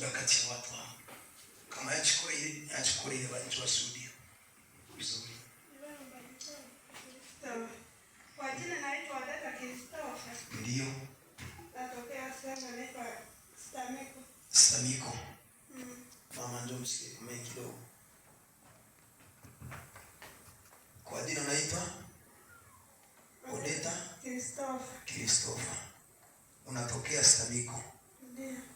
tunakatia watu wangu kama yachikoreye yachikoreye wananchi wa Sudia vizuri. Ndio Stamiko mm. mama, ndio msikie mengi kidogo. Kwa jina naitwa Odeta Kristofa, unatokea Stamiko.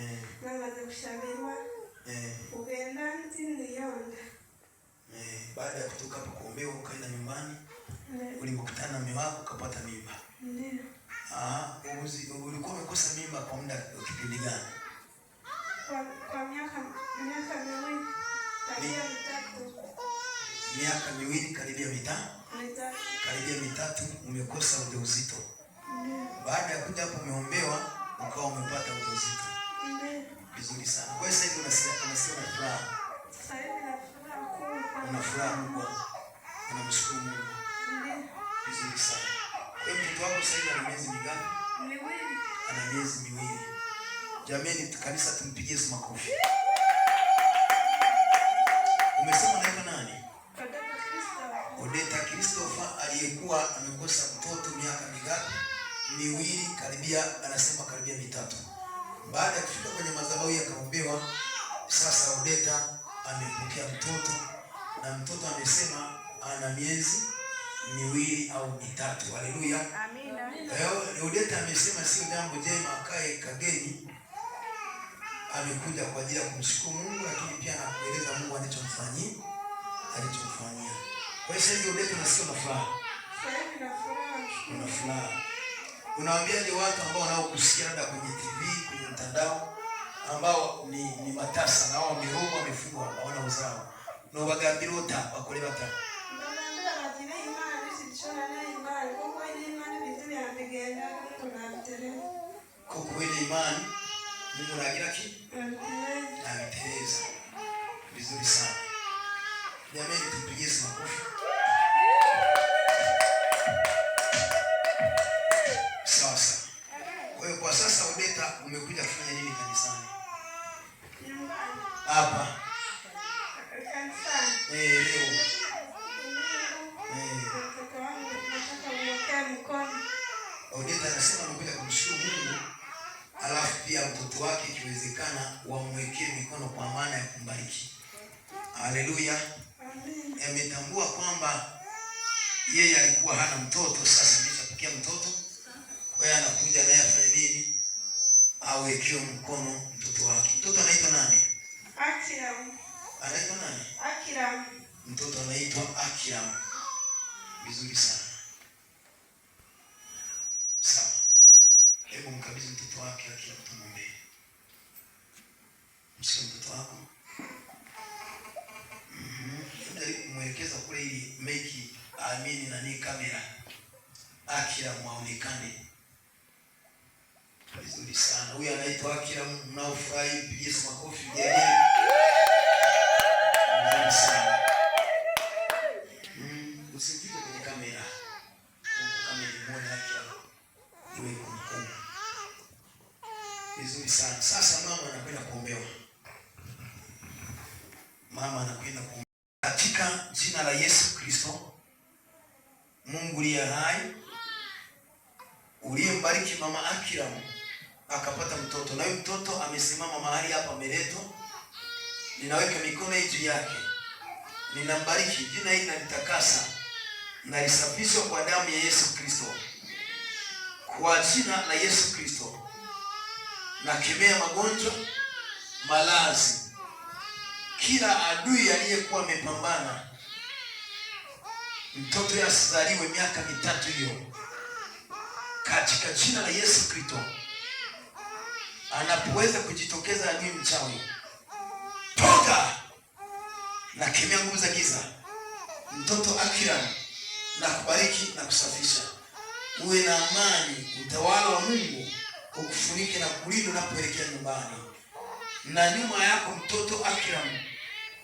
Eh. namaze kushamirwa eh. niyonda. Eh. Baada ya kutoka hapo kuombewa, ukaenda nyumbani ulimkutana mume wako ukapata mimba. Ndio. Ah, ulikuwa umekosa mimba kwa muda kipindi gani? kwa miaka miaka miwili karibia mitatu. Miaka miwili karibia mitatu. Karibia mitatu umekosa ujauzito. Baada ya kuja hapo umeombewa ukawa umepata ujauzito vizuri sana. Kwa sasa hivi unasema furaha. sasa hivi na furaha, kubwa. una furaha kubwa, unamshukuru Mungu vizuri sana. Kwa hiyo mtoto wako sasa hivi ana miezi mingapi? Miwili. Ana miezi miwili. Jamani, kanisa tumpigie Yesu makofi. Umesema unaitwa nani? Odeta Christopher aliyekuwa amekosa mtoto miaka mingapi? Miwili, karibia, anasema karibia mitatu. Baada ya kufika kwenye madhabahu akaombewa, sasa Odeta amepokea mtoto na mtoto amesema ana miezi miwili au mitatu. Haleluya, amina. Odeta amesema sio jambo jema akae kageni, amekuja kwa ajili ya kumshukuru Mungu, lakini pia anakueleza Mungu alichomfanyia alichomfanyia. Kwa hiyo sasa Rebeka nasikia na furaha, una furaha, unawaambia ni watu ambao wanaokusikia labda kwenye binadamu ambao ni, ni matasa wao mihogo wamefungwa hawana uzao no bagambira uta bakore bata kukwira imani nimuragira ki nabitereza vizuri sana jamani, tupige makofi. umekuja kufanya nini kanisani? Hapa. Eh, leo. Eh. Odeta anasema amekuja kumshukuru Mungu, alafu pia mtoto wake ikiwezekana wamwekee mikono kwa maana ya kumbariki. Haleluya. Ametambua kwamba yeye alikuwa hana mtoto, sasa ameshapokea mtoto. Kwa hiyo anakuja naye afanye nini? awekewe mkono mtoto wake. Mtoto anaitwa nani? Akiram. Anaitwa nani? Akiram. Mtoto anaitwa Akiram. Vizuri sana. Sawa. Hebu mkabidhi mtoto wake Akiram tumwombee. Msikie mtoto wako. Mhm. Ndio kumwelekeza kule ili meki amini nani kamera. Akiram aonekane. Vizuri sana. Huyu anaitwa kila mnaofurahi pigie makofi jamani. Vizuri sana. Mm, usipite kwenye kamera. Kamera muone hapa. Iwe kumbukumbu. Vizuri sana. Sasa mama anakwenda kuombewa. Mama anakwenda kuombewa. Katika jina la Yesu Kristo, Mungu aliye hai, uliyembariki mama Akram akapata mtoto, na huyu mtoto amesimama mahali hapa meleto ninaweka mikono hii juu yake, ninambariki jina hili, nalitakasa nalisafishwa kwa damu ya Yesu Kristo, kwa jina la Yesu Kristo nakemea magonjwa, malazi, kila adui aliyekuwa amepambana mtoto yasizaliwe miaka mitatu hiyo, katika jina la Yesu Kristo anapoweza kujitokeza adui mchawi, toka na kemea nguvu za giza. Mtoto Akira, na kubariki na kusafisha, uwe na amani, utawala wa Mungu ukufunike na kulinda unapoelekea nyumbani na nyuma yako. Mtoto Akira,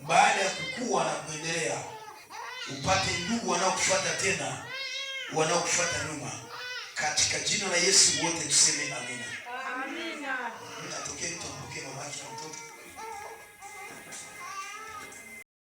baada ya kukua na kuendelea, upate ndugu wanaokufuata tena, wanaokufuata nyuma, katika jina la Yesu wote tuseme amina. Gracias.